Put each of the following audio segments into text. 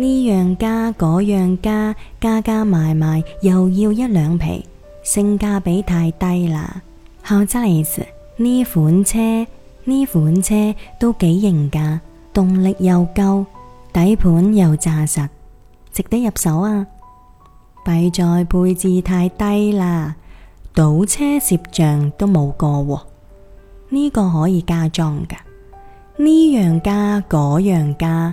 呢樣加嗰樣加，加加埋埋又要一兩皮，性價比太低啦。後出嚟呢款車，呢款車都幾型噶，動力又夠，底盤又扎實，值得入手啊！弊在配置太低啦，倒車攝像都冇個喎，呢個可以加裝噶。呢樣加嗰樣加。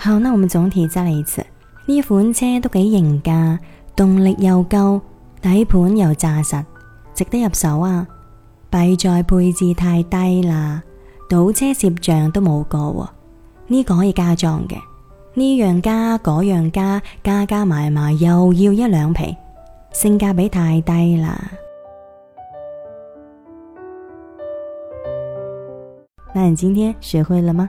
好呢，我們總結一次。呢款車都幾型噶，動力又夠，底盤又扎實，值得入手啊！弊在配置太低啦，倒車攝像都冇個喎。呢、這個可以加裝嘅，呢、這、樣、個、加嗰樣加，加加埋埋又要一兩皮，性價比太低啦。那你今天學會了嗎？